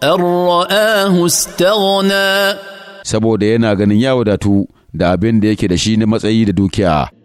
an ra'ahu istaghna saboda yana ganin ya wadatu da abin da yake da shi na matsayi da dukiya